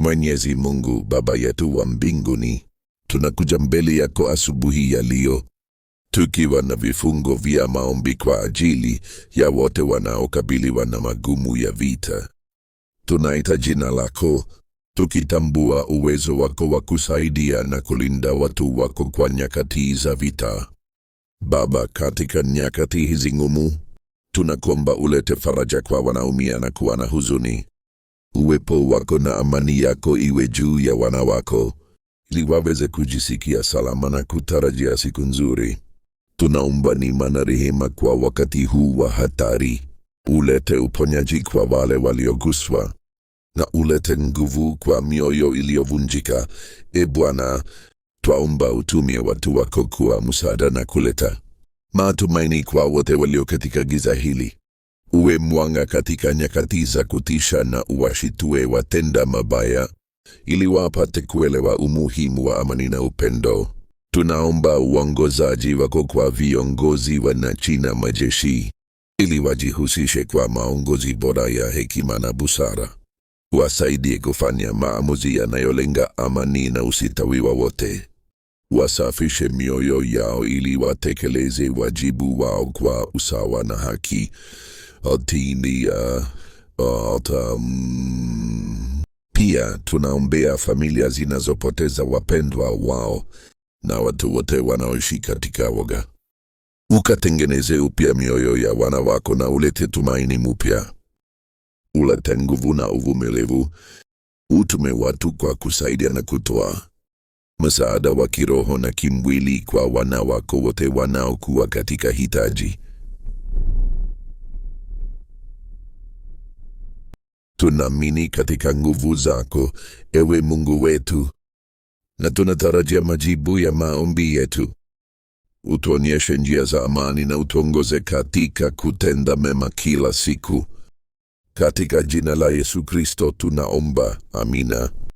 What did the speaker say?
Mwenyezi Mungu Baba yetu wa mbinguni, tunakuja mbele yako asubuhi ya leo tukiwa na vifungo vya maombi kwa ajili ya wote wanaokabiliwa na magumu ya vita. Tunaita jina lako tukitambua uwezo wako wa kusaidia na kulinda watu wako kwa nyakati za vita. Baba, katika nyakati hizi ngumu, tunakuomba ulete faraja kwa wanaumia na kuwa na huzuni Uwepo wako na amani yako iwe juu ya wana wako, ili waweze kujisikia salama na kutarajia siku nzuri. Tunaomba neema na rehema kwa wakati huu wa hatari. Ulete uponyaji kwa wale walioguswa na ulete nguvu kwa mioyo iliyovunjika. E Bwana, twaomba utumie watu wako kuwa msaada na kuleta matumaini kwa wote walio katika giza hili uwe mwanga katika nyakati za kutisha na uwashitue watenda mabaya, ili wapate kuelewa umuhimu wa amani na upendo. Tunaomba uongozaji wako kwa viongozi wanachina na majeshi, ili wajihusishe kwa maongozi bora ya hekima na busara. Wasaidie kufanya maamuzi yanayolenga amani na usitawi wa wote. Wasafishe mioyo yao ili watekeleze wajibu wao kwa usawa na haki. Otinia Otam. Pia tunaombea familia zinazopoteza wapendwa wao na watu wote wanaoishi katika woga. Ukatengeneze upya mioyo ya wana wako na ulete tumaini mupya. Ulete nguvu na uvumilivu. Utume watu kwa kusaidia na kutoa msaada wa kiroho na kimwili kwa wana wako wote wanaokuwa katika hitaji. Tunaamini katika nguvu zako, ewe Mungu wetu, na tunatarajia majibu ya maombi yetu. Utuonyeshe njia za amani na utuongoze katika kutenda mema kila siku. Katika jina la Yesu Kristo tunaomba, amina.